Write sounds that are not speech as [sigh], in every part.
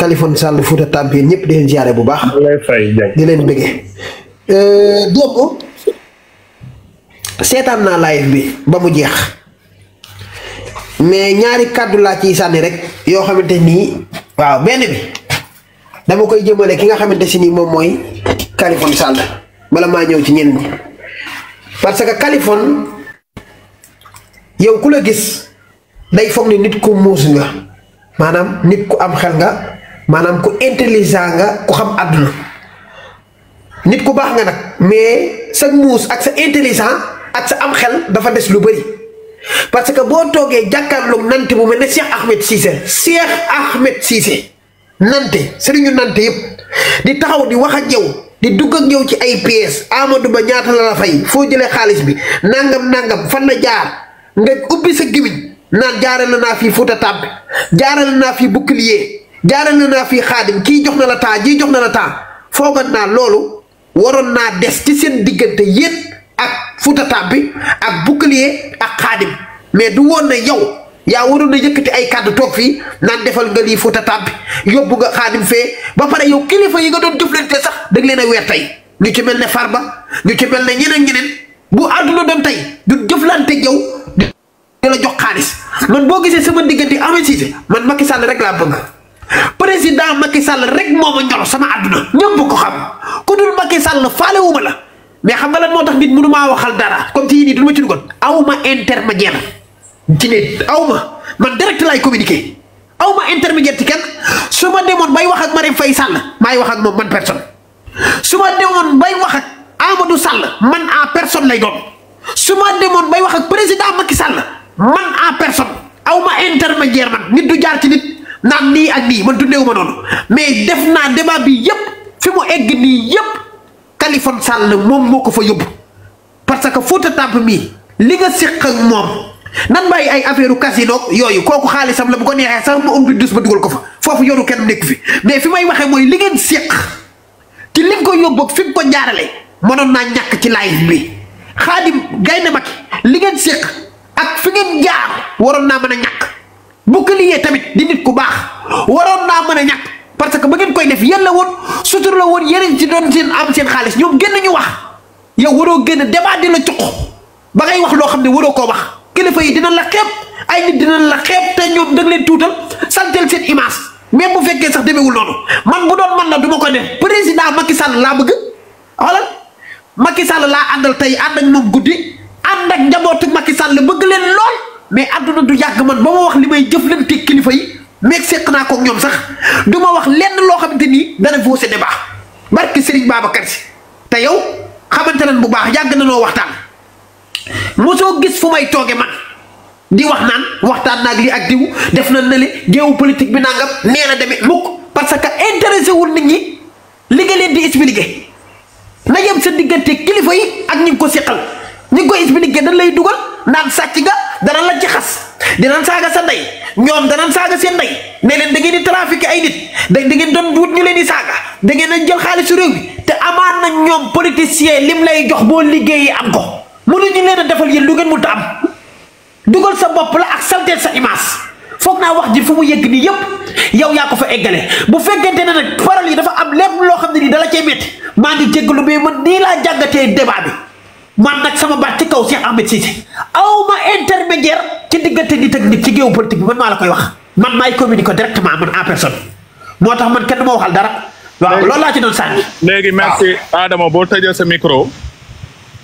Kalifon Sall Fouta Tampi yéen ñëpp di leen bu baax. di leen bëggee. Euh, donc oh. seetaan naa live bi ba mu jeex mais ñaari kàddu laa ciy sànni rek yoo xamante nii waaw benn bi dama koy jëmale ki nga xamante si nii moom mooy Kalifon Sall bala maa ñëw ci ñenn mi parce que Kalifon yow ku la gis day foog ni nit ku muus nga maanaam nit ku am xel nga maanaam ku intelligent nga ku xam àdduna nit ku baax nga nag mais sa muus ak sa intelligent ak sa am xel dafa des lu bëri parce que boo toogee jàkkaarloog nante bu mel ne Cheikh Ahmed Cissé Cheikh Ahmed Cissé nante sëriñu nante yëpp di taxaw di wax a yow di dugg ak yow ci ay pièces Amadou Ba ñaata la la fay foo jëlee xaalis bi nangam nangam fan la jaar nga ubbi sa gémmiñ naan jaarale naa fii Fouta Tampi jaarale naa fii Bouclier. jaarale naa fii xaadim kii jox na la temps jii jox na la temps foogoon naa loolu waroon naa des ci seen diggante yéen ak Fouta Tampi ak bouclier ak xaadim mais du woon na yow yaa waroon na yëkkati ay kàddu toog fii naan defal nga lii Fouta Tampi yóbbu nga xaadim fee ba pare yow kilifa yi nga doon jëflante sax da leen a weer tey ñu ci mel ne Farba ñu ci mel ne ñeneen ñeneen bu àdduna doon tey du jëflante yow di la jox xaalis man boo gisee sama diggante amee siise man Macky Sall rek laa bëgg. président ki Sall rek moo a ñor sama àdduna ñëpp ko xam ku dul Macky Sall faale wu ma la mais xam nga lan moo tax nit mënu maa waxal dara comme ci nii du ma ci dugal aw ma intermédiaire ci aw ma man direct laay communiquer aw ma intermédiaire ci kenn su ma demoon bay wax ak Marème fay Sall maay wax ak moom man personne su ma demoon bay wax ak Amadou Sall man en personne lay doon su ma demoon bay wax ak président Macky Sall man en personne aw ma intermédiaire man nit du jaar ci nit. naan nii ak nii man dundeewu ma noonu mais def naa demaa bi yëpp fi mu egg nii yëpp Khalifa Sall moom moo ko fa yóbbu parce que Fouta Tamp mii li nga séq moom nan bàyyi ay affaire casino yooyu kooku sam la bu ko neexee sax mu ëmb dus ba dugal ko fa foofu yoru kenn nekk fi mais fi may waxee mooy li ngeen séq ci li nga ko yóbbu ak fi nga ko jaarale mënoon naa ñàkk ci live bi Khadim Gaynde Maki li ngeen séq ak fi ngeen jaar waroon naa mën a ñàkk. bouclier tamit di nit ku baax waroon naa mën a ñàkk parce que ba ngeen koy def yéen la woon sutur la woon yéen ci doon seen am seen xaalis ñoom génn ñu wax yow waroo génn demaa dina la cuq ba ngay wax loo xam ne waroo koo wax kilifa yi dina la xeeb ay nit dinañ la xeeb te ñoom da nga leen tuutal saltel seen image même bu fekkee sax demewul noonu man bu doon man la du ma ko def président Macky Sall laa bëgg xoolal Macky Sall laa àndal tey ànd ak moom guddi ànd ak njabootu Macky Sall bëgg leen lool. mais àdduna du yàgg man ba ma wax li may jëflante kilifa yi meeg seq naa ko ñoom sax du ma wax lenn loo xamante ni dana fausser débat barke Serigne Babacar Si te yow xamante leen bu baax yàgg na noo waxtaan mosoo gis fu may tooge man di wax naan waxtaan naag lii ak diw def na nale géewu politique bi nangam nee na demee mukk parce que intéressé wul nit ñi li nga leen di expliqué na yem sa diggante kilifa yi ak ñi ko seqal. ñi koy expliqué dañ lay dugal naan sàcc nga dana la ci xas dina saaga sa ndey ñoom dana saaga seen ndey ne leen da ngeen ay nit da ngeen doon wut ñu leen di saaga da ngeen a jël xaalisu réew bi te amaan na ñoom politicien lim lay jox boo liggéeyi am ko mënuñu leen a defal yéen lu ngeen mënta am dugal sa bopp la ak salteel sa image foog naa wax ji fu mu yëgg nii yëpp yow yaa ko fa eggale bu fekkente ne nag parole yi dafa am lépp loo xam ne nii dala cee métti maa ngi jéggalu mais man nii laa jàngatee débat man nag sama baat ci kaw Cheikh Ahmed Cissé aw ma intermédiaire ci diggante nit ak nit ci géew politique bi man maa la koy wax man maay communiquer directement man en personne moo tax man kenn du waxal dara. lool loolu laa ci doon sànni. léegi merci Adama boo tëjee sa micro.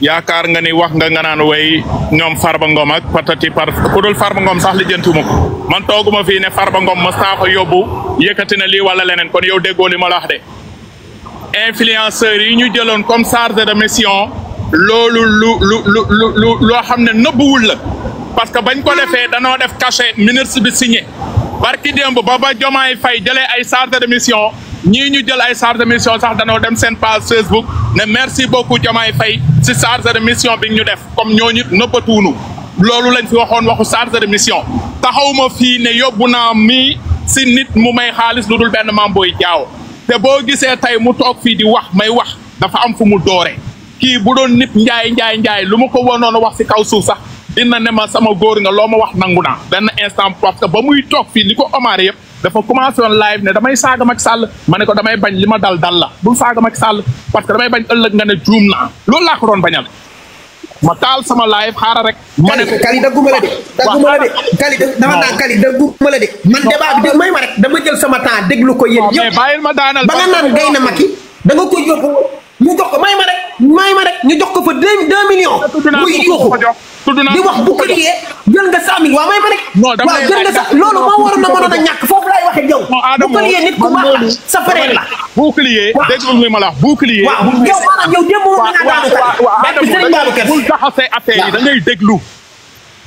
yaakaar nga ni wax nga nga naan way ñoom Farba Ngom ak patati par ku dul Farba Ngom sax lijjantiwuma ko man tooguma fii ne Farba Ngom ma saako yóbbu yëkkati na lii wala leneen kon yow déggoo li ma la wax de. influenceurs yi ñu jëloon comme chargé de mission. loolu lu lu lu lu loo xam ne nëbbuwul la parce que bañ ko hmm. defee danoo def cachet ministre bi signé barki démb ba ba jomaay fay jëlee ay chargé de mission ñii ñu jël ay chargé de mission sax danoo dem seen page Facebook ne merci beaucoup jomaay fay si chargé de mission bi ñu def comme ñooñu nëbbatuunu loolu lañ fi waxoon waxu chargé de mission taxawuma fii ne yóbbu naa mii si nit mu may xaalis lu dul benn Mame Boye Diao te boo gisee tey mu toog fii di wax may wax dafa am fu mu dooree kii bu doon nit njaay njaay njaay lu ma ko woonoon wax si kaw suuf sax dina ne ma sama góor nga loo wax nangu naa benn instant parce que ba muy toog fii li ko Omar yëpp dafa commencé woon live ne damay saaga Macky Sall ma ne ko damay bañ li ma dal dal la bul saaga Macky Sall parce que damay bañ ëllëg nga loolu laa ko doon bañal ma taal sama live xaaral rek. ma ne ko Kali dagguma la de. dagguma la de Kali dama naan Kali dagguma la ma rek dama jël sama temps déglu ko yéen. yëpp mais ma daanal ba nga naan gay na Macky da nga ñu jox ko may ma rek may ma rek ñu jox ko fa deux deux millions. muy yuuxu di wax bu crié jël nga cent mille waaw may ma rek. waaw jël nga sax loolu moo waroon na mënoon a ñàkk foofu laay waxee yow. bu crié nit ku baax la sa frère la. bu crié déglu li ma la wax bu crié. waaw yow maanaam yow démb moom la nga daanu. waaw waaw waaw Adama da ngay déglu.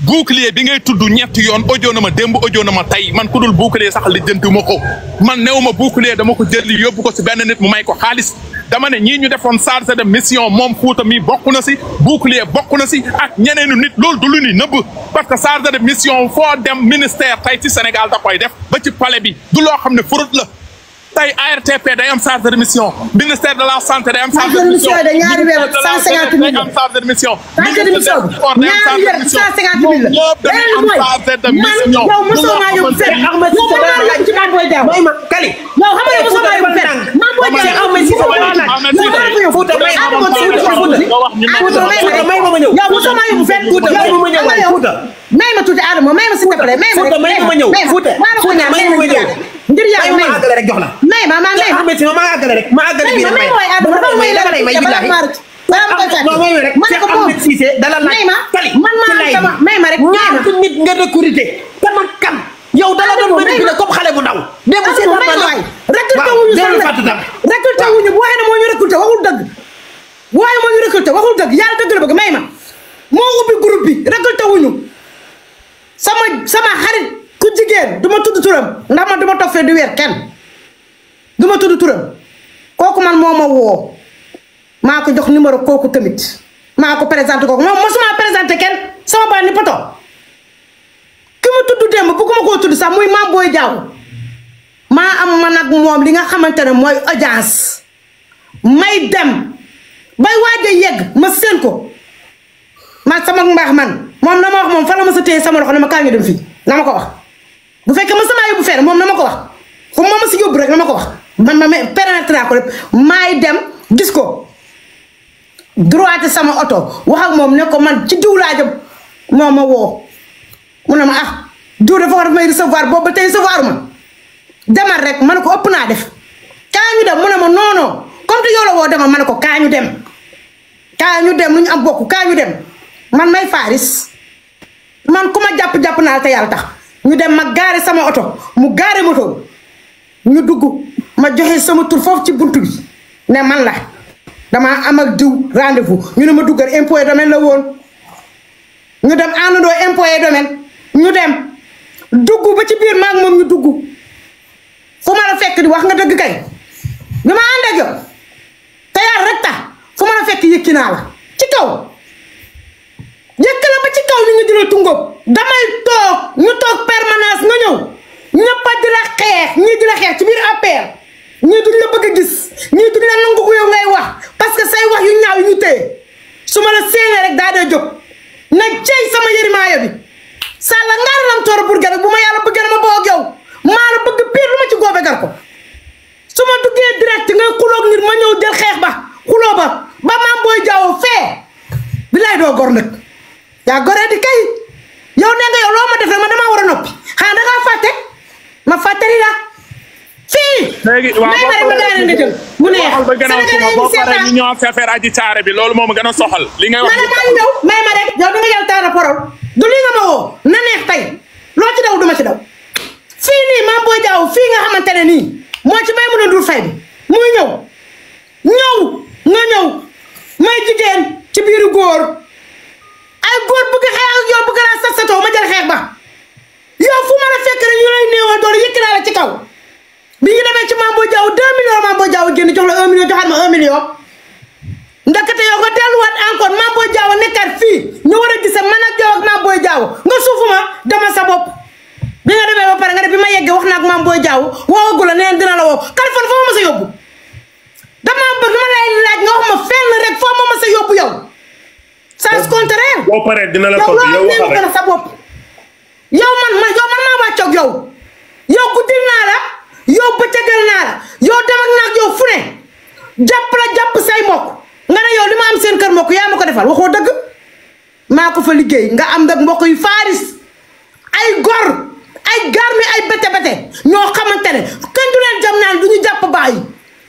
bouclier bi ngay tudd ñetti yoon audio na ma démb audio na ma tey man ku dul bouclier sax lijjanti ko man néew ma dama ko jëli yóbbu ko si benn nit mu may ko xaalis dama ne ñii ñu defoon chargé de mission moom Fouta mi bokk na si bouclier bokk na si ak ñeneenu nit loolu du lu ni nëbb parce que chargé de mission foo dem ministère tey ci Sénégal da koy def ba ci palais bi du loo xam ne furut la tey ARTP day am charge de mission ministère de la santé day am charge de mission ñaari weer 150 millions day am charge de mission ministère de sport day am charge de am charge de mission yow mosoo yow mën naa laaj ci Mame Boye ma kali yow xam nga mosoo maa yóbbu fenn ma si yow Fouta may ma ma ma ma ma ma may ma tuuti Adama may ma s'il te plaît may ma rek may ma ñëw Fouta Fouta may ma ñëw ngir yàlla may ma àggale rek jox la may ma ma may ma ma àggale rek ma àggale bi may ma Adama dafa may dama lay may billahi wala ma koy fàtte man ko moom Ahmed Cissé dalal laaj tali man maa dama may ma rek ñaata nit nga recruté dama kan yow dala doon ba nit comme xale bu ndaw dem ci ma may recruté wuñu sax recruté wuñu bu waxee ne moo ñu recruté waxul dëgg bu waxee moo ñu recruté waxul dëgg yàlla dëgg la bëgg may ma présenté kooku moom mosuma présenté kenn sama baat ni poto ki mu tudd démb bugguma koo tudd sax muy maam booy jaaw maa am man ak moom li nga xamante ne mooy audience may dem bay waaj a yegg ma seen ko ma sama mbaax man moom na ma wax moom fa la ma sa téye sama loxo ne ma kaa ñu dem fii na ma ko wax bu fekkee ma sama yóbbu fenn moom na ma ko wax fu ma si yóbbu rek na ma ko wax man ma permettre naa ko rek maay dem gis ko droité sama oto wax moom ne ko man ci diw laa moo ma woo mu ne ma ah diw dafa war may recevoir boobu ba tey recevoir ma rek ma ne ko ëpp naa def kaa ñu dem mu ne ma non non comme te woo demal ma ne ko kaa dem kaa ñu dem lu am bokk kaa ñu man may faaris man ku ma jàpp jàpp naa te yàlla tax ñu dem ma gaare sama oto mu gaare moto ñu dugg ma joxe sama tur foofu ci buntu bi ne man la. dama am ak diw rendez fu ñu ne ma duggal impôt et la woon ñu dem àndandoo impôt et domaine ñu dem dugg ba ci biir maag moom ñu dugg fu ma la fekk di wax nga dëgg kay bi ma ànd ak yow te rek tax fu ma la fekk yëkki ci kaw yëkk ba ci kaw ñu ngi dina tungóob damay toog ñu toog permanence nga ñëw ñëpp a di la xeex ñii di la xeex ci biir APR ñii duñ la bëgg a gis ñii duñ la nangu ko ngay wax parce say wax yu ñaaw yu ñu su ma la séenee rek daa dee jóg na cey su ma duggee direct ngay xulóog ngir ma ñëw jël xeex ba xuloo ba ba maam booy jaawo fee bi lay doo gor nag yaa goree di kay yow nee yow loo ma defee ma damaa war a noppi xanaa dangaa fàtte ma fàttali la léegi waaw mu neex ñu ñoo affaire aji caare bi loolu moom gën a soxal. li ngay wax may ma rek yow du nga jël taara parole du li nga ma woo na neex tey loo ci daw du ma ci daw fii nii maam booy jaaw fii nga xamante nii moo ci may mën a dul fay bi muy ñëw ñëw nga ñëw may jigéen ci biir góor ay góor bëgg xeex ak yow bëgg sasatoo ma jël xeex ba yow fu ma la fekk rek ñu lay néewal doon yëkk naa la ci kaw. bi ñu demee ci maam boo jaaw deux millions maam boo jox la un million joxaat ma un million ndakate yow nga delluwaat encore maam boo jaaw nekkaat fii a gise man dama sa bopp bi nga demee ba ma yeggee wax naa ak maam boo jaaw neen dina la wax ma fenn ma ma sa yóbbu yow sens contraire boo paree dina la tontu sa bopp yow man man yow man maa wàccoog yow yow naa la yow bëccëgal naa la yow dem ak naag yow fu ne jàpp la jàpp say mbokk nga ne yow li ma am seen kër mbokk yaa ma ko defal waxoo dëgg maa ko fa liggéey nga am nag mbokk yu faaris ay gor ay garmi ay bete ñoo xamante ne kenn du leen jam du ñu jàpp bàyyi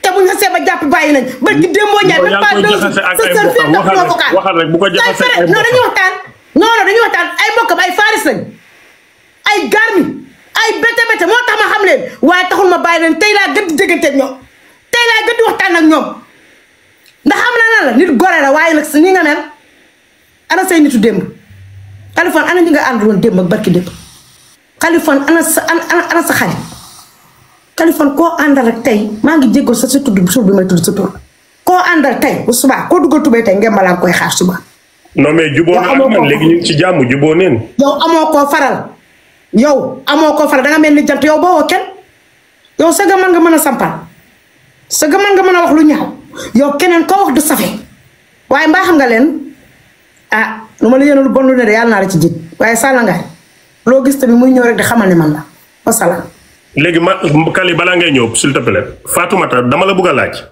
te bu ñu jàpp bàyyi nañ ba ci démboo ñaar même pas deux sa ko kaan say fere non dañuy waxtaan non non dañuy waxtaan ay ay garmi ay bete bete moo tax ma xam leen waaye taxul ma bàyyi leen tey laa gën di dégganteeg ñoom waxtaan ak ñoom ndax xam naa la nit gore la waaye nag si ni nga mel ana say nitu démb ñi nga ànd woon démb ak barki tey maa ngi jéggoo sa sa tudd suuf bi may tudd sa koo àndal tey bu subaa koo duggal tubay tey ngeen balaa koy xaar suba. non mais juboo na léegi ñu ci jàmm juboo neen. yow amoo koo faral. yow amoo ko fa da nga mel ni jant yow boo woo kenn yow sëgg mën nga mën a sampal sëgg man nga mën a wax lu ñaaw yow keneen koo wax du safe waaye mbaa xam nga leen ah lu ma la yéene lu bon lu yàlla naa ci jiit waaye Salla Ngaye loo gis tamit muy ñëw rek di xamal ne léegi ma Kali balaa ngay ñëw s'il te plaît dama la bëgg a laaj.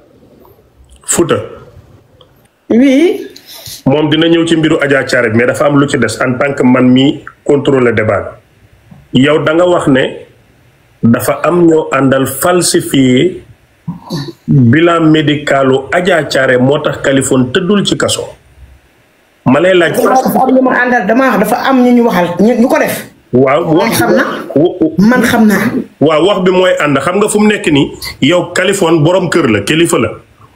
Fouta. oui. moom dina ñëw ci mbiru Adja Thiaré mais dafa am lu ci des en tant que man mi contrôler débat yow danga wax ne dafa am ñoo àndal falsifié bilan médicalu Adja Thiaré moo tax Kaliphone tëddul ci kaso. ma lay laaj. dafa am ñu dama wax dafa am ñu ñu waxal ñu ko def. waaw wax bi mooy ànd xam nga fu mu nekk nii yow Kaliphone boroom kër la kilifa la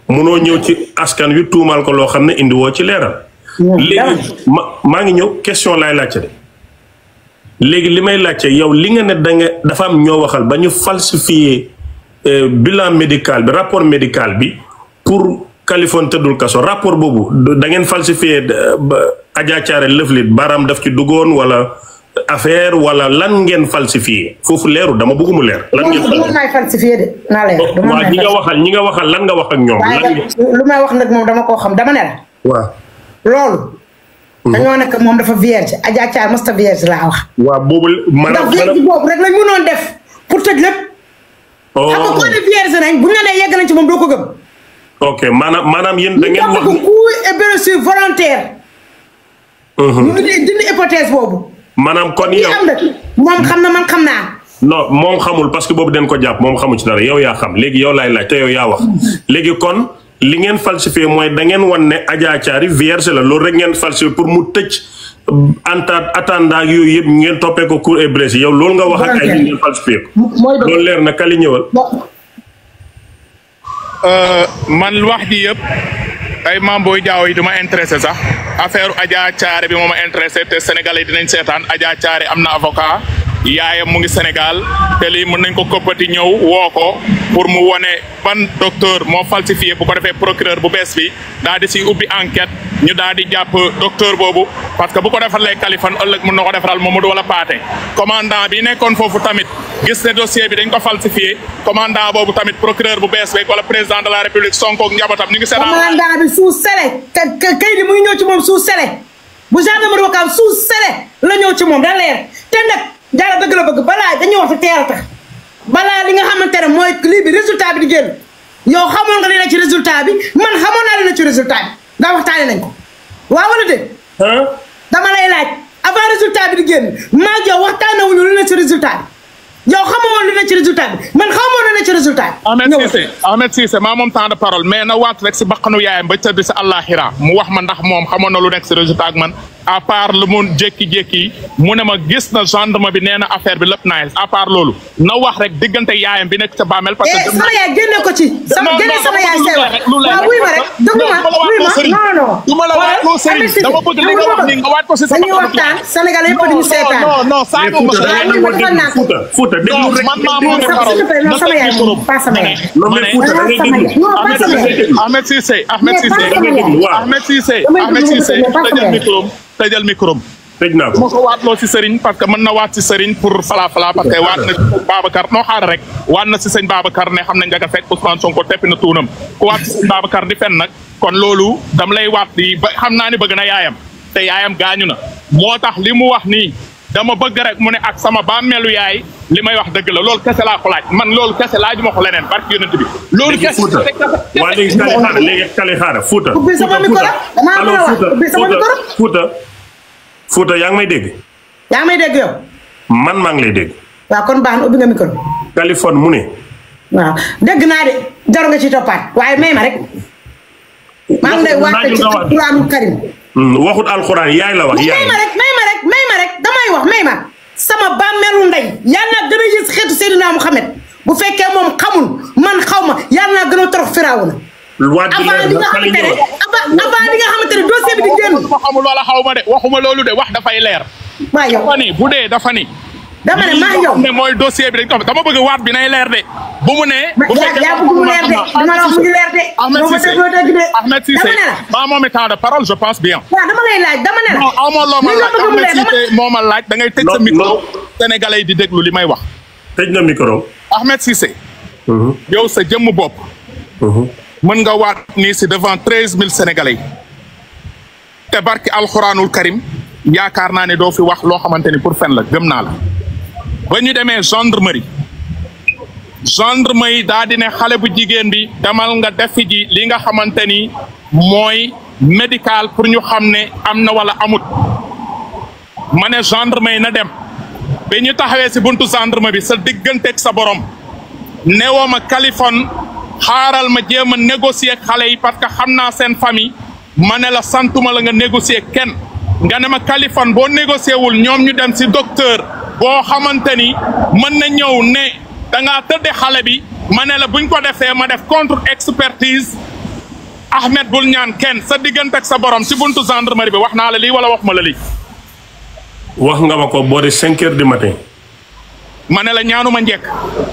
munoo ñëw ci askan wi tuumaal ko loo xam ne indiwoo ci leeral. léegi ma maa ngi ñëw question laay laajte de. léegi li may laajte yow li nga ne da nga dafa am ñoo waxal ba ñu falsifier euh, bilan médical bi rapport médical bi pour Kaliphone dul kaso rapport boobu da ngeen falsifier euh, ba Adja Thiaré baaraam daf ci duggoon wala affaire wala lan ngeen falsifié foofu leeru dama bëgg mu leer. lan ngeen ñi nga waxal ñi nga waxal lan nga wax ak ñoom. lu may wax nag moom dama koo xam dama ne la. loolu. dañoo nekk moom dafa vierge Adja Thiar mosta vierge laa wax. waaw boobu maanaam ndax oh. vierge boobu ne moom maanaam maanaam yéen da kon yow am moom xam na man xam naa. non moom xamul parce que boobu den ko jàpp moom xamu ci dara yow yaa xam léegi yow laay laaj te yow yaa wax léegi kon. li ngeen falsifié mooy da ngeen wan ne Adja Thiary vierge la loolu rek ngeen falsifié pour mu tëj euh, anta attendant yooyu yëpp ngeen toppee ko court et blessé yow loolu nga wax ak ay ngeen falsifié ko leer na kali ñëwal euh, man wax yëpp ay Mame Boye Diao yi du ma intéressé sax affaire Adja Thiary bi moo ma intéressé te sénégalais dinañ seetaan Adja Thiary am na avocat yaayam mu ngi Sénégal te lii mën nañ ko koppati ñëw woo ko pour mu wane ban docteur moo falsifié bu ko defee procureur bu bees bi daal di si ubbi enquête ñu daal di jàpp docteur boobu parce que bu ko defalee Kaliphone ëllëg mën na ko defaral Mamadou wala Pathé commandant bi nekkoon foofu tamit gis ne dossier bi dañ ko falsifié commandant boobu tamit procureur bu bees bi wala président de la république Sonko ak njabootam ñu ngi seetaan commandant bi suuf sele kay moom suuf dara dëgg la bëgg balaa dañuy wax te teel a tax balaa li nga xamante ne mooy lii bi résultat bi di génn yow xamoon nga dina ci résultat bi man xamoon naa dina ci résultat bi ndax waxtaanee nañ ko waaw wala dégg. dama lay laaj avant résultat bi di génn maa ngi yow waxtaanee wuñu lu ne ci résultat yow xamoo lu ne ci résultat bi man xamoo lu ne ci résultat bi. Ahmed Cissé Ahmed Cissé maa moom temps de parole mais na waat rek si baqanu yaayam ba tëdd si àllaaxira mu wax ma ndax moom xamoon na lu nekk si résultat ak man à part lu mu jékki-jékki mu ne ma gis na gendarme bi nee na affaire bi lépp naa à part loolu na wax rek diggante yaayam bi nekk sa bàmmeel. parce que eh, sama yaay génne ko ci. sama génne sama yaay seet waaw wuy ma rek dëggu ma wuy ma non non. du ma la waat loo sëriñ dama bëgg li nga wax nii nga waat ko si sama. dañuy waxtaan Sénégal yëpp di mu seetaan. non non Fouta déglu rek. man maa moom la sama yaay moom sama yaay. Ahmed Cissé Ahmed Cissé Ahmed Cissé Ahmed Cissé tëjal micro tëjal micro tëj naa ko ma ko waatloo si sëriñ parce que mën na waat si sëriñ pour fala fala waat na si sëñ noo xaar rek waat na si sëñ Babacar ne xam na daga fekk Ousmane Sonko teppi na tuunam ku waat si sëñ Babacar di fen nag kon loolu dam lay waat di ba xam naa ni bëgg na yaayam te yaayam gaañu na moo tax li mu wax nii dama bëgg rek mu ne ak sama bàmmeelu yaay li may wax dëgg la lool kese laa ko laaj man loolu kese laa ma ko leneen barki yonent bi. loolu kese waaw léegi kale xaara léegi kale xaara yaa ngi may dégg. yaa maa ngi lay dégg. waaw kon na ubbi nga micro. Kaliphone mu ne. waaw waaye may ma rek. Hmm, yaay la wax may ma rek may ma rek. wax may ma sama bàmmeelu ndey yal naa gën a yées xeetu Seydina Mohamed bu fekkee moom xamul man xaw ma yal naa gën a torox firaaw na. avant di nga xamante ne avant di nga xamante ne dossier bi xamul wala xaw ma de waxuma loolu de wax dafay leer. maa yow dafa ni bu dee dafa ni. dama ne maa yow ne mooy dossier bi dañ ko dama bëgg waat bi nay leer de. bu mu nee. bu fekkee yaa bëgg Ahmed Cissé Ahmed moom temps parole je pense bien. waaw dama lay laaj dama da ngay tëj sa micro. Sénégalais di déglu li may wax. tëj na micro. Ahmed Cissé. Mhm. yow sa jëmm bopp. Mhm. mën nga waat nii si devant treize mille sénégalais. te barki alxuraanul karim yaakaar naa ne doo fi wax loo xamante ni pour fen la gëm naa la. ba ñu demee gendarmerie. gendarme yi daa xale bu jigéen bi demal nga defi ji li nga xamante ni mooy médical pour ñu xam ne am na wala amut mane gendre gendarme na dem ba ñu taxawee si buntu ma bi sa digganteeg sa borom newoo ma Kaliphone xaaral ma jéem a négocier xale yi parce que xam naa seen famille ma ne la santuma la nga négocier kenn nga ne ma Kaliphone boo négocier ñoom ñu dem si docteur boo xamante ni mën na ñëw ne. da ngaa tëdde xale bi ma ne la buñ ko defee ma def contre expertise Ahmed bul ñaan kenn sa diggante sa borom ci buntu gendarmerie bi wax naa la lii wala wax ma la lii. wax nga ma ko boori cinq heures du matin. ma ne la ñaanu ma njëkk.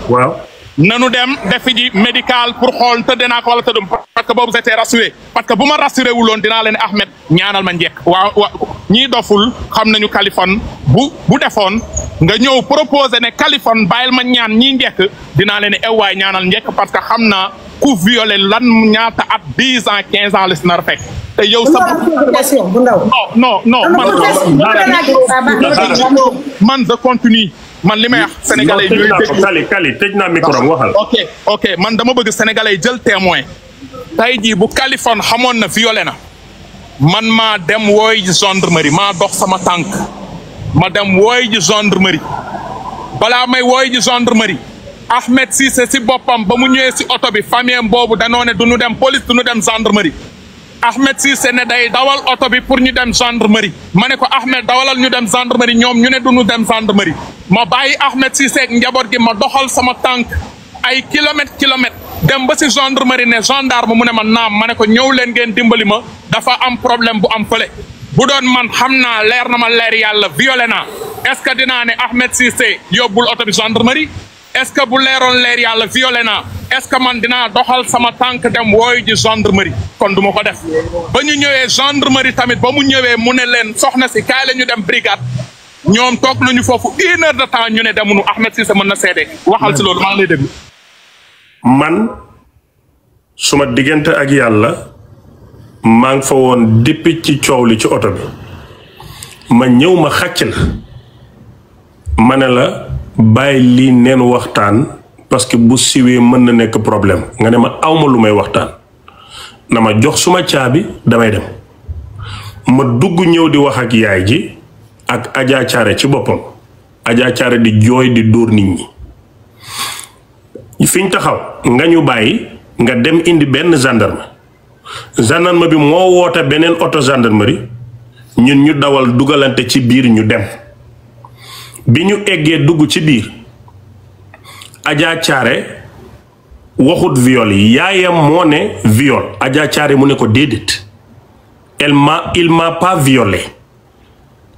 waaw. nanu dem defi ji médical pour xool tëddee naa ko wala tëddum parce que boobu j'étais rassuré parce que bu ma rassuré wuloon dinaa leen Ahmed ñaanal ma njekk waaw wa ñii doful xam nañu Kaliphone bu bu defoon nga ñëw proposé ne Kaliphone bàyyil ma ñaan ñii njekk dinaa leen ew eh waay ñaanal njekk parce que xam na ku violé lan ñaata at dix ans quinze ans la si nar fekk te yow sa non non non man man continue man li may wax sénégalais yi ñooy dégg man dama bëgg sénégalais jël témoin tey jii bu kalifon xamoon na violé na man maa dem wooy ji gendarmerie maa dox sama tànk ma dem wooy ji gendarmerie balaa may wooy ji gendarmerie Ahmed Cissé si boppam ba mu ñëwee si oto bi famille boobu danoo ne du ñu dem police du ñu dem gendarmerie Ahmed Cissé ne day dawal oto bi pour ñu dem gendarmerie ma ne ko Ahmed dawalal ñu dem gendarmerie ñoom ñu ne du ñu dem gendarmerie ma bàyyi Ahmed Cissé ak njaboot gi ma doxal sama tànk ay kilomètre kilomètre dem ba si gendarmerie ne gendarme mu ne ma naam ma ne ko ñëw leen ngeen dimbali ma dafa am problème bu am fële bu doon man xam naa leer na ma leer yàlla violé naa est-ce que dinaa ne Ahmed Cissé yóbbul oto bi gendarmerie est-ce que bu leeroon leer yàlla violé na est-ce que man dina doxal sama tànk dem wooyu ji gendarmerie kon du ma ko def ba ñu ñëwee gendarmerie tamit ba mu ñëwee mu ne leen soxna si kaay la ñu dem brigade ñoom toog nañu foofu une heure de ñu ne demuñu Ahmed Cissé mën na seede waxal si loolu maa ngi lay déglu. man suma diggante ak yàlla maa ngi fa woon depuis ci coow li ci oto bi ma ñëw ma xàcc la ma ne la bàyyi lii neen waxtaan parce que bu siwee mën na nekk problème nga ne ma awma lu may waxtaan na ma jox suma caabi damay dem ma dugg ñëw di wax ak yaay ji. ak Adja ci boppam Adja Thiaré di jooy di dóor nit ñi fi taxaw nga ñu bàyyi nga dem indi benn gendarme gendarme bi moo woote beneen oto gendarmerie ñun ñu dawal dugalante ci biir ñu dem bi ñu eggee dugg ci biir Adja waxut viol yi yaayam moo ne viol Adja mu ne ko déedéet elle m'a il m'a pas violé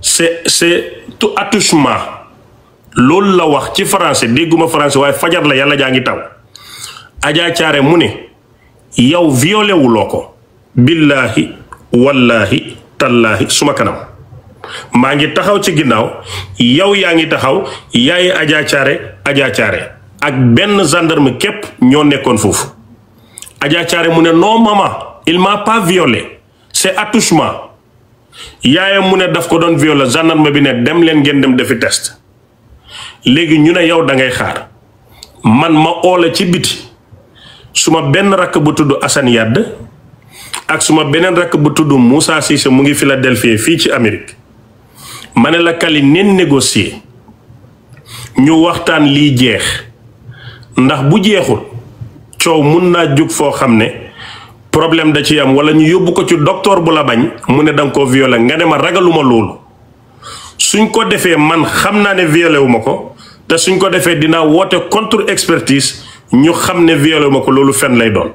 c'est c'est tout attouchement loolu la wax ci français dégguma français waaye fajar la yàlla jaa ngi taw Adja Caare mu ne yow violewuloo ko billaahi wallaahi tallaahi suma kanam maa ngi taxaw ci ginnaaw yow yaa ngi taxaw yaay Adja Caare ak benn gendarme képp ñoo nekkoon foofu Adja mu ne non maman il m'a pas violé c'est attouchement yaayam mu ne daf ko doon violer ma bi ne dem leen ngeen dem defi test léegi ñu ne yow dangay xaar man ma oola ci biti suma benn rakk bu tudd Assane Yadd ak suma beneen rakk bu tudd Moussa Cissé mu ngi Philadelphie fii ci amerig ma ne la kali neen négocier ñu waxtaan lii jeex ndax bu jeexul coow mun naa jóg foo xam ne problème da ci am wala ñu yóbbu ko ci docteur bu la bañ mu ne da nga koo violé nga ne ma ragaluma loolu suñ ko defee man xam naa ne violé wu ma ko te suñ ko defee dinaa woote contre expertise ñu xam ne violé wu ko loolu fen lay doon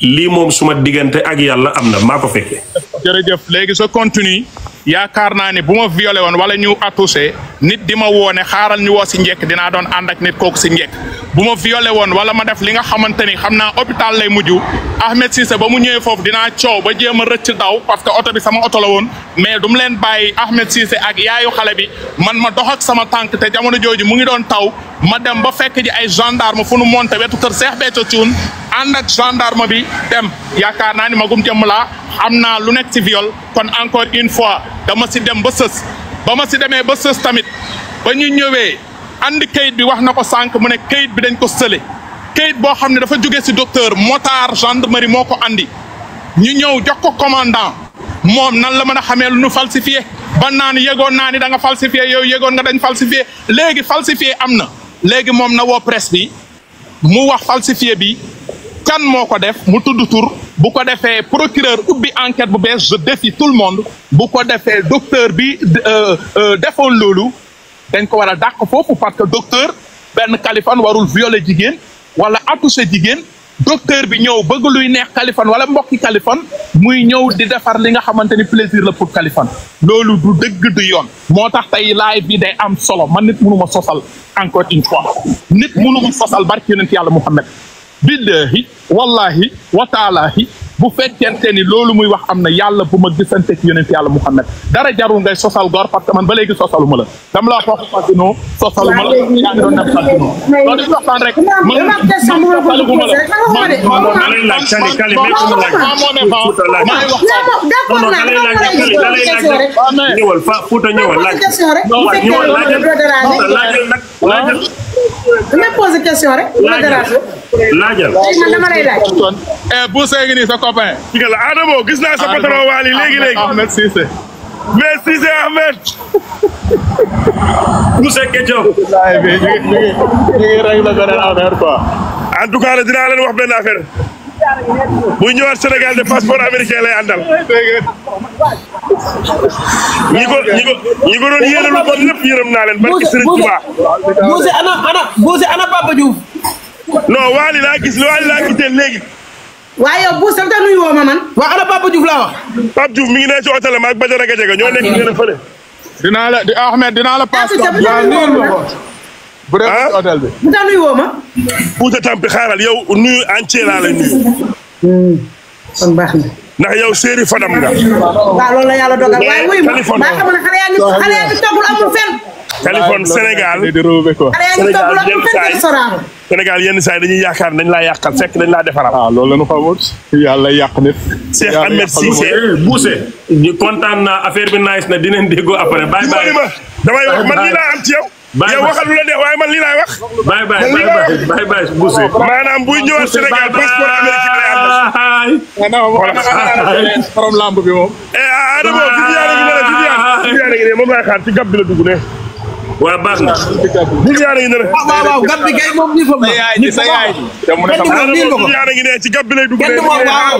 lii moom suma diggante ak yàlla am na maa ko fekkee. jërëjëf léegi sa continue yaakaar naa ne bu ma violé woon wala ñu attoussé nit di ma woo xaaral ñu woo si njëkk dinaa doon ànd ak nit kooku si njëkk. bu ma violé woon wala ma def li nga xamante ni xam naa hôpital lay mujj Ahmed Cissé ba mu ñëwee foofu dinaa coow ba jéem a rëcc daw parce que oto bi sama oto la woon mais du mu leen bàyyi Ahmed Cissé ak yaayu xale bi man ma dox ak sama tànk te jamono jooju mu ngi doon taw ma dem ba fekk ji ay gendarme fu nu monté wetu kër Cheikh Béthio Thioune ànd ak gendarme bi dem yaakaar naa ni magum jëmm laa am naa lu nekk ci viol kon encore une fois dama ma si dem ba sës tamit ba ñu andi kayit bi wax na ko sànq mu ne kayit bi dañ ko sële kayit boo xam ne dafa jóge ci docteur motard gendarmerie moo ko andi ñu ñëw jox ko commandant moom nan la mën a xamee lu ñu falsifié ban naa ni yëgoon naa ni da nga falsifié yow yegoon nga dañ falsifié léegi falsifie am na léegi moom na woo presse bi mu wax falsifié bi kan moo ko def mu tudd tur bu ko defee procureur ubbi enquête bu bees je défie tout le monde bu ko defee docteur bi euh, euh, defoon loolu dañ ko war a dàq foofu parce que docteur benn Kaliphone warul violer jigéen wala attoucher jigéen docteur bi ñëw bëgg luy neex Kaliphone wala mbokki Kaliphone muy ñëw di defar li nga xamante ni plaisir la pour Kaliphone loolu du dëgg du yoon moo tax tey live bi day am solo man nit mënu ma sosal encore une fois nit mënu ma sosal barki yonent yàlla Muhammad billahi wallahi wataalaahi bu fekkente ni loolu muy wax am na yàlla bu ma gisante ci yonent yàlla Muhammad dara jarul ngay sosal gor parce que man ba léegi sosaluma la dama la wax waxu fasino sosaluma la yaa ngi doon dem fasino loolu di waxtaan rek man sosaluma la man man man man man man man man laajal man dama lay laaj. Eh, bu seegi nii sa copain. nga la Adamo gis naa sa patron Wally léegi léegi. Ahmed Cissé. mais Cissé Ahmed. Moussa [laughs] Ketchup. en tout cas dinaa leen wax benn affaire. bu ñëwaat Sénégal de passeport américain lay àndal. ñi ko ñi ko ñi ko doon yéene lu bon lépp yërëm naa leen. barki Serigne Touba. Bouse ana ana Bouse ana Papa Diouf. non waali laa gis waaye yow bu sant nuyu woo ma man. waa ana Papa Diouf laa wax. Papa Diouf mi ngi ne ci hôtel ma Badara Gadiaga ñoo nekk ngeen a fële. dinaa la di Ahmed la paas. waaw nuyul ma ko. bu dee ci ah? hôtel bi. bu tax nuyu woo ma. Fouta Tampi xaaral yow nuyu entier laa lay nuyu. kon baax na. ndax yow séeri Fadam nga. waaw loolu la yàlla dogal waaye wuyu ma maa xamoon ne xale yaa ngi toogul amul fenn. Kaliphone Sénégal Sénégal yenn saay Sénégal yenn saay dañuy yaakaar dañ laa yàqal fekk dañ laa defaral. waaw ah, loolu la ñu xamut yàlla yàq nit. Cheikh Ahmed Cissé eh, buuse ñu kontaan na affaire bi nice na dinañ déggoo après. bàyyi bàyyi ma damay wax man lii laa am ci yow. bàyyi yow waxal lu la dee waaye man lii laay wax. bàyyi bàyyi bàyyi bàyyi buuse maanaam buy ñëwaat Sénégal passeport américain lay am. xoolal ah, lamb bi moom. Eh, Adama Viviane gi ne la Viviane Viviane gi ne moom laay xaar ci gab bi la dugg ne waaw baax na. milliards yi ne rek. waaw waaw gab bi kay moom nii fa ma. nii fa ma milliards yi ne lay dugg. kenn moom waaw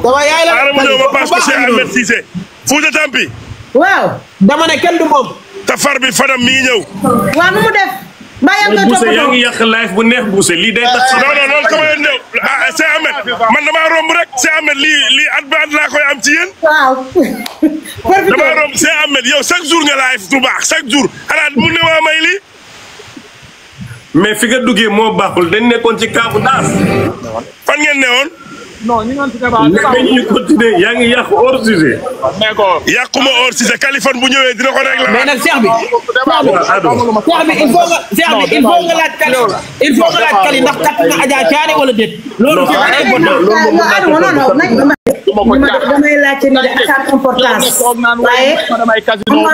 dama yaay la. bu baax a ñëw Ahmed Cissé. Fouta Tampi. waaw dama ne kenn bi Fadam mi ngi mu def. bàyyam yaa ngi yàq live bu neex buuse lii day tax. non non loolu sama yoon ñëw ah, ah c' man damaa romb rek c' est lii lii at ba at laa koy am ci yéen. waaw. romb c' est yow chaque jour nga live du baax chaque jour xanaa mu ne waa may lii. mais fi nga duggee moo baaxul dañ nekkoon ci camp naas. fan ngeen ne woon. non ñu ngi doon continuer yaa ngi yàq hors sujet. mais ko yàquma hors sujet Kaliphone bu ñëwee dina ko régler. mais nag Cheikh bi. Cheikh bi il faut nga Cheikh bi il faut nga laaj Kali il faut nga laaj Kali ndax takk na Adja Thiaré wala déet. loolu fi ay bon na. damay laajte ni de ak importance waaye xam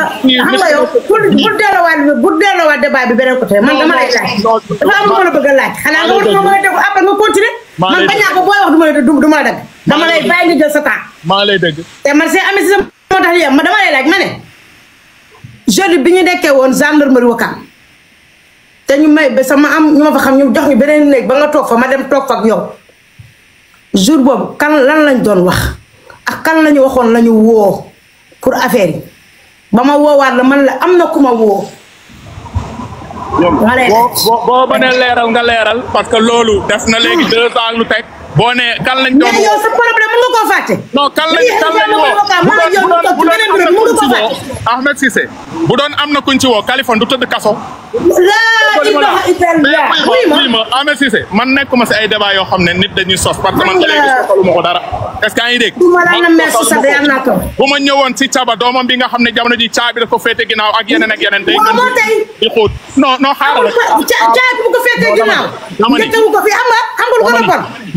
nga yow pour pour delloowaat bi pour delloowaat débat bi beneen côté man dama lay laaj dafa am lu ma la bëgg a laaj xanaa nga war a mën a def après nga continuer maa man bañ naa ko booy wax du ma la dama lay bàyyi nga jël sa temps. maa lay dëgg. te man seen amee si sa moo tax ma dama lay ma ne. bi ñu nekkee woon gendarmerie Ouakam te may ba sama am ñu ma fa xam ñu jox ñu beneen néeg ba ma toog fa ma dem toog fa ak yow jour boobu kan lan lañ doon wax ak kan lañu waxoon lañu woo pour affaire yi ba ma woowaat la man la am na ku ma woo boo boo mënee leeral nga leeral parce que loolu def na léegi deux ans lu teg boo nee kan lañ doon woo sa problème mën nga koo fàtte. bu doon bu doon am na kuñ ci woo Ahmed Cissé bu doon am na kuñ ci woo Kaliphone du tëdd kaso. ma si ay débat yoo xam ne nit dañuy sos parce que man ba léegi soxaluma ko dara est-ce que yaa ngi dégg. bu ma ñëwoon si caba doomam bi nga xam ne jamono ji caabi da ko féete ginnaaw ak yeneen ak yeneen day di xóot non non xaaral caabi bu ko féete ginnaaw ko fi am nga am nga lu ko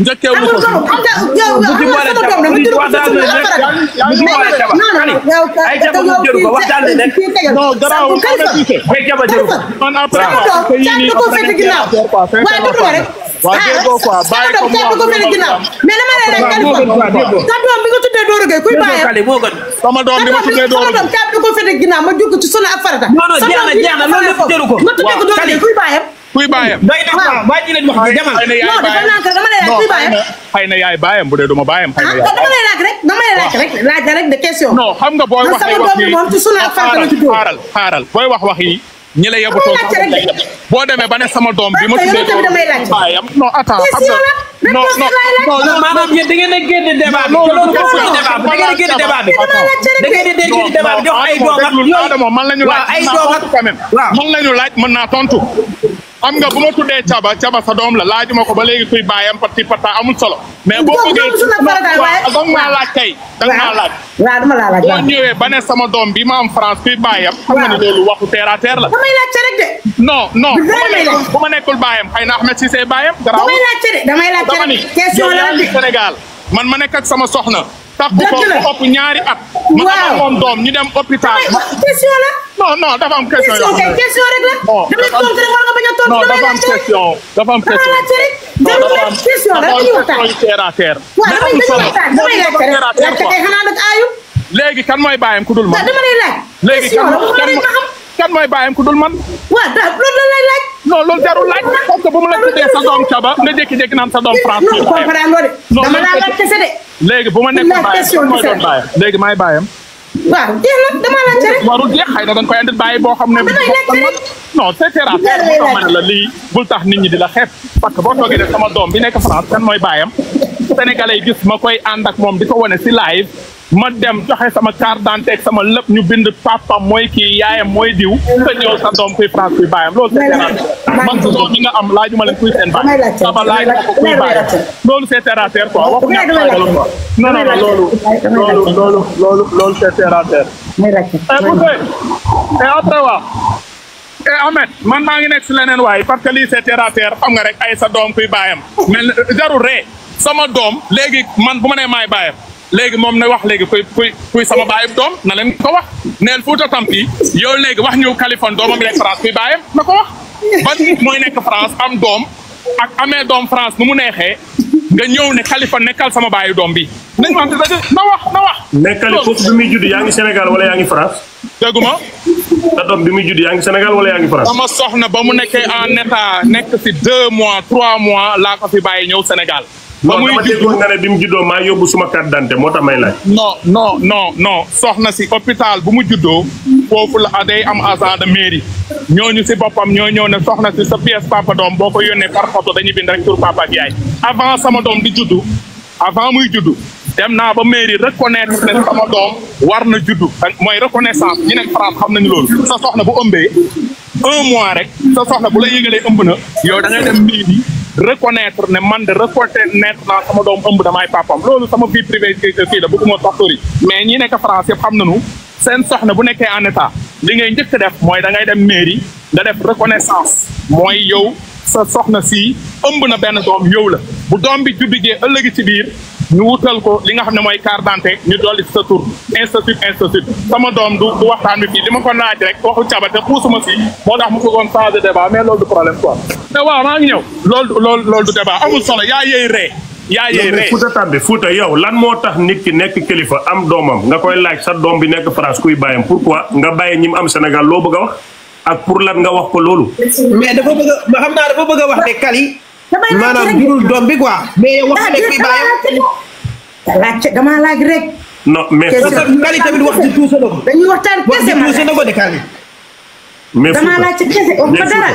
njëkkeewul ko xam nga yow sama doom la ma jël ko sama affaire non waaw déggoo quoi bàyyi ko mu wax ginnaaw mais dama lay laaj Kaliphone sa doom bi nga tuddee Doro Gueye kuy bàyyee sama doom bi ma tuddee Doro Gueye ko fete ginnaaw ma jóg ci sunu ak farata non non jeex na jeex na loolu lépp jëru ko ma tuddee ko Doro Gueye kuy bàyyee kuy baayam day tax waaw bàyyi ji leen wax bi jamal na yaay baayam bu dee du ma baayam xëy na yaay dama lay laaj rek dama lay laaj rek laaj rek de non wax wax yi moom ci sunu ak ah, faatala ci boo demee ba ne sama doom bi ma tuddee damay laaj baayam non attends a da a génne débat bi da ngeen a génne débat bi laaj mën naa tontu xam nga bu ma tuddee caba caba sa doom la laajuma ko ba léegi kuy bàyyam parti parta amul solo. mais boo bëggee da nga laaj kay da nga maa laaj. waaw dama laa France kuy bàyyam. xam nga ne loolu waxu terre à terre la. bu ma nekkul bu ma nekkul xëy na Ahmed Cissé bàyyam. garaawul damay laajte de damay laajte rek question la Sénégal man ma nekk ak sama soxna. takk ko ëpp ñaari at. mu am moom doom ñu dem hôpital. question la. non non dafa am question yoo xam ne question rek la. non dafa am question non dafa am question. dafa am question dafa am question terre à terre. léegi kan mooy bàyyam ku dul ma. léegi kan mooy kan mooy bàyyam ku dul man. waaw daa loolu la lay laaj. non loolu jarul laaj bu mu la tuddee sa doom caba nga jékki-jékki naan sa doom français. non léegi bu ma nekk bàyyam mooy doon léegi maay baayam waaw jeex na damaa laajte rek. warul jeex xëy na boo xam ne. Ah, non c'est terre à la bul tax nit ñi di la xeeb. parce que boo toogee ne sama doom bi nekk France kan mooy bàyyam sénégalais yi gis ma koy ànd ak moom di ko wane si live ma dem joxe sama carte d'identité ak sama lépp ñu bind papa mooy kii yaayam mooy diw te ñëw sa doom kuy France kuy bàyyam loolu c'est terre am laajuma leen kuy seen ma ko kuy bàyyam loolu c'est terre à terre quoi waxu ñàkk loolu eh, eh, eh, man maa ngi nekk si leneen waaye parce que lii c'est terre à xam nga rek ay sa doom kuy baayam mais jarul ree sama doom léegi man bu ma nee maay bàyyam léegi moom na wax léegi kuy kuy kuy sama baayam doom na leen ko wax neen Fuuta Tampi yow léegi wax ñu Kaliphone doomam nekk France kuy baayam na ko wax ban nit mooy nekk France am doom ak amee doom France nu mu neexee nga ñëw ne Kaliphone nekkal sama baayu doom bi nañ ma dëgg na wax na wax mais Kaliphone bi muy judd yaa ngi Sénégal wala yaa ngi France dégguma sa doom bi muy judd yaa ngi Sénégal wala yaa ngi France sama soxna ba mu nekkee en état nekk fi deux mois trois mois laa ko fi bàyyi ñëw Sénégal ba muy juddoo nga ne bi mu juddoo maa yóbbu suma carte d'identité moo tax may laaj. non non non non soxna si hôpital bu mu juddoo foofu la day am agent de mairie ñooñu si boppam ñoo ñëw ne soxna si sa pièce papa doom boo ko yónnee par photo dañuy bind rek tur papa ak yaay avant sama doom di juddu avant muy juddu dem naa ba mairie reconnaître ne sama doom war na juddu mooy reconnaissance ñi nekk France xam nañu loolu sa soxna bu ëmbee un mois rek sa soxna bu la yëgalee ëmb yow da reconnaître ne man de reconnaître naa sama doom ëmb damay papam loolu sama vie privée kii la bëgguma mais ñi nekk France yëpp xam nañu seen soxna bu nekkee en état li ngay njëkk def mooy da ngay dem mairie nga def reconnaissance mooy yow sa soxna si ëmb na benn doom yow la bu doom bi juddijee ëllëg ci biir ñu wutal ko li nga xam ne mooy carte d'identité ñu dolli sa tur institut institut sama doom du du waxtaan bi fii li ma ko naaj rek waxu cabate xuusuma si moo tax mu bëggoon changer débat mais loolu du problème quoi te ree yaa ree Fouta Tampi Fouta yow lan moo tax nit ki nekk kilifa am doomam nga koy laaj sa doom bi nekk France kuy bàyyam pourquoi nga bàyyi ñi mu am Sénégal loo bëgg a wax ak pour lan nga wax ko loolu mais dafa bëgg a xam naa dafa bëgg wax maanaam jurul doom bi quoi. mais yow wax dëgg kuy bàyyi. damaa laaj rek. non mais Kali tamit wax ji tuuse na ko. dañuy waxtaan kese ma wax ji tuuse na ko de Kali. mais Fouta damaa laaj ci kese wax ma dara.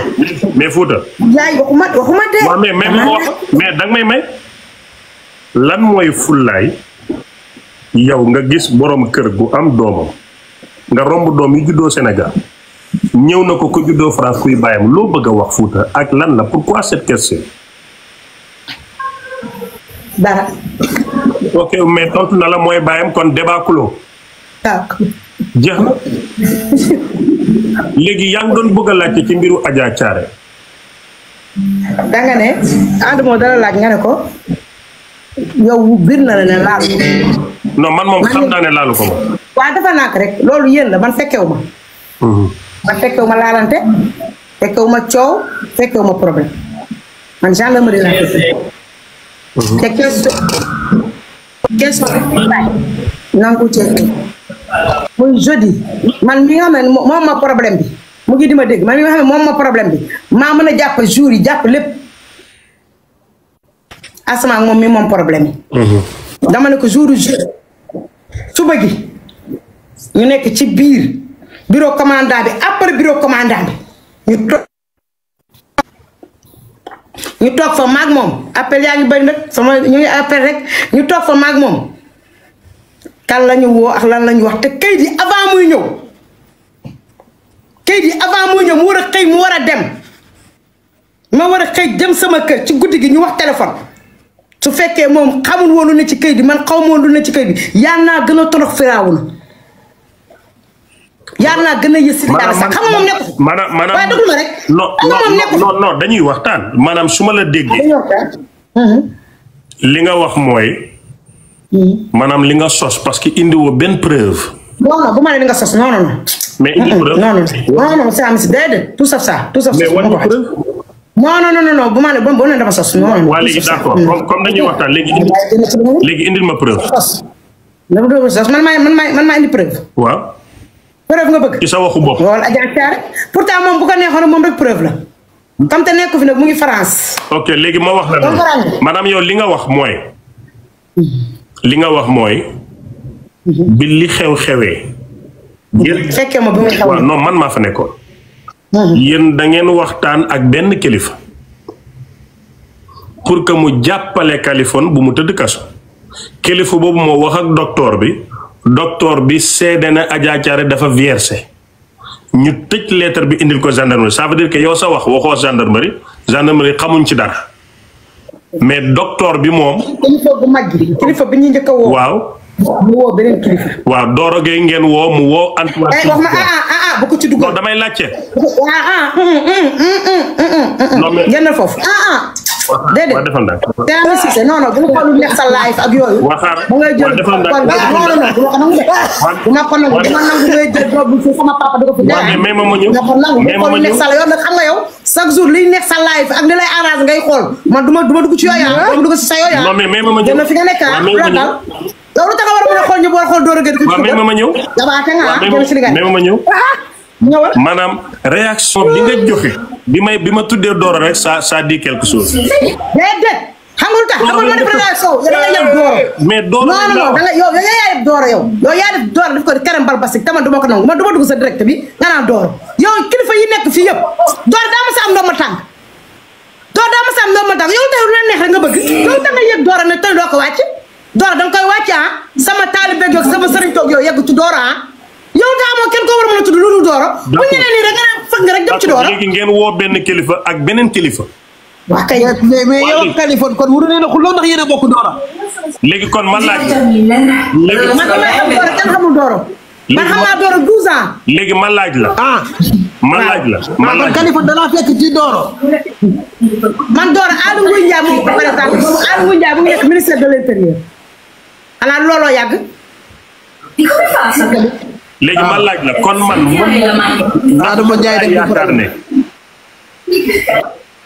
mais Fouta. yaay waxuma waxuma de. waaw mais mais mais danga may may. lan mooy fullaay yow nga gis borom kër gu am doomam nga romb doom yi juddoo Sénégal. ñëw na ko ko juddoo France kuy bàyyam loo bëgg a wax Fouta ak lan la pourquoi cette question. dara. ok mais tontu na la mooy bàyyam kon débat clos. d'accord. jeex na léegi yaa ngi bëgg a laajte ci mbiru Adja Thiaré. da ne ànd moo dala laaj nga ne ko yow bir na la ne laalu. non man moom xam naa laalu ko moom. waa dafa nàkk rek loolu yéen la man fekkewu ma. Mhm. man fekkewu ma laalante fekkewu ma coow fekkewu ma problème man gendarmerie laa te kees kees nangu cee fay muy man mi nga xam ne moom ma problème bi mu gi di ma dégg man mi nga xam moom ma problème bi maa mën a jàpp jour yi jàpp lépp asama moom mi moom problème yi mhm. dama ne ko jour jeudi suba gi ñu nekk ci biir bureau commandant bi après bureau commandant bi ñu ñu toog fa maag moom appel yaa ngi bëri nag sama ñu ngi appel rek ñu toog fa mag moom kan la ñu woo ak lan la ñu wax te kayit yi avant muy ñëw kayit yi avant muy ñëw mu war a xëy mu war a dem ma war a xëy jëm sama kër ci guddi gi ñu wax téléphone su fekkee moom xamul woon lu ci kayit bi man xaw ma woon lu ci kayit bi yaa naa gën a torox firaawul yaar naa gën a yës si li daal sax xam nga moom nekkul. maanaam maanaam waaye déglu ma rek. non non non dañuy waxtaan maanaam su ma la déggee. Mhm. li nga wax mooy. Mhm. maanaam li nga sos parce que indiwoo benn preuve. non non bu ma ne li nga sos non non non. mais indi mhm. preuve. non non non non saa am si déedéet tout sauf ça tout sauf ça. mais wan nga preuve. non non non non bu ma ne bu ma ne dafa sos. non non waa léegi d' accord comme comme dañuy waxtaan léegi indi léegi indil ma preuve. sos man maay man maay man maay indi preuve. waaw. preuve nga bëgg. ci sa waxu bopp loolu Adja moom bu ko neexoon moom rek preuve la. xam te nekku fi nag mu ngi France. ok léegi ma wax la nag maanaam yow li nga wax mooy. li nga wax mooy. bi li xew xewee. yéen fekkee ma man maa fa nekkoon. yéen da ngeen waxtaan ak benn kilifa. pour que mu jàppale kalifon bu mu tëdd kaso. kilifa boobu moo wax ak docteur bi. docteur bi seede na Adja Thiaré dafa versé ñu tëj lettre bi indil ko gendarmerie ça veut dire que yow sa wax waxoo gendarmerie gendarmerie xamuñ ci dara mais docteur bi moom. kilifa bu waaw mu woo ngeen woo mu woo. Antoine eh, wax ma ah, ah, ah, damay laajte. ah mm, mm, mm, ngeen foofu ah déedéet Dramé Cissé non non bu ma xool neex sa live ak yooyu. mu ngay jël kon ma ko nangu de. du ma ko nangu du ma nangu ngay jël boobu fi ma ñëw mais moom ma ñëw sa la yow nag xam nga yow ak li lay arrange ngay xool man du ma du ma dugg ci yooyu ah. du sa yooyu ah. non mais ah, loolu tax war a mën a xool ñu boor xool door a gën. waaw mais moom ma ñëw. damaa te nga ah si li nga. mais ma ñëw. maanaam réaction bi nga joxe bi may bi ma tuddee Doro rek sa ça dit quelque chose. déedéet xam nga tax xam nga ma def relation da mais Doro non non da yow yaa yaa def def Doro daf ko Karim Bal Bassik tamit du ko nangu man du ma dugg sa direct bi nga naan daa ma am ndoom ma tàng Doro daa ma am ndoom ma tàng yow tax lu la neex nga bëgg yow tax nga yëg ne tey doo ko wàcc Doro da nga koy wàcc ah. sama taalibe de sama sëriñ toog yow yegg ci Doro ah. yow daa moo kenn koo war a mën a tudd lu dul dooro. bu ñu nee nii rek nga naan fëgg nga rek dem ci dooro. léegi ngeen woo benn kilifa ak beneen kilifa. waa kay mais mais yow ak kilifa kon wutu nee na xuloo ndax yéen a bokk dooro. léegi kon man laaj. léegi man li may xam dooro kenn xamul dooro. man xam naa dooro 12 ans. léegi man laaj la. ah man ah. laaj la. Ah, man laaj la kilifa danaa fekk ci dooro. man dooro Aly Ngouille Ndiaye moom par exemple moom Aly Ngouille Ndiaye mu ngi nekk ministère de l'intérieur. alors looloo yàgg. léegi ma laaj la kon man. Adama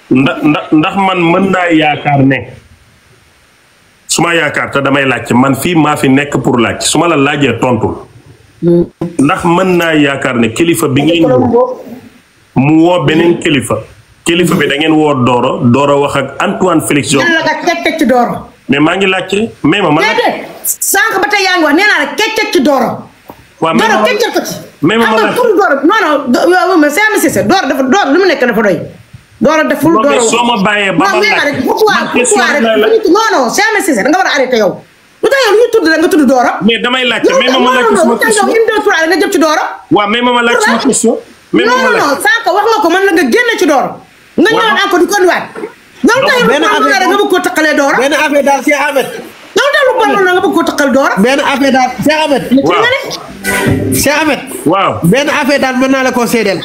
Ndiaye man mën naa yaakaar ne. su yaakaar te damay laaj man fii maa fi nekk pour laaj su ma la laajee tontu ndax mën naa yaakaar ne kilifa bi ngeen woo mu woo beneen kilifa. kilifa bi dangeen woo Doro dooro wax ak Antoine Félix Diop. maa ngi laaj mais ma ma. sànq ba tey yaa nee naa la kecc ci Doro. waaw mais Doro kenn jël ko ci. mais moom xam nga pour Doro non non mais c'est nécessaire Doro dafa Doro lu mu nekk dafa doy. Doro deful Doro mais soo ma bàyyee ba ma laaj rek pourquoi pourquoi rek non non c'est nécessaire da nga war a arrêté yow. lu tax yow lu ñu tudd rek nga tudd Doro. mais damay laajte mais moom ma laaj sama question yow une deux trois nga jëm ci Doro. waaw mais moom ma laaj sama question. mais moom ma laaj non non sànq wax nga ko man la nga génn ci Doro. nga ñëwaat encore di ko nuwaat. donc benn affaire daal si Ahmed lu bon la nga bëgg ko takkal door. benn affaire daal Cheikh Ahmed. waaw Cheikh Ahmed. waaw benn affaire daal mën naa la koo seedeel.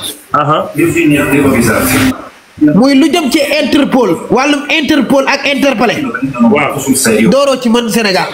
muy lu jëm ci Interpol wàllum Interpol ak Interpol. waaw dooroo ci man Sénégal.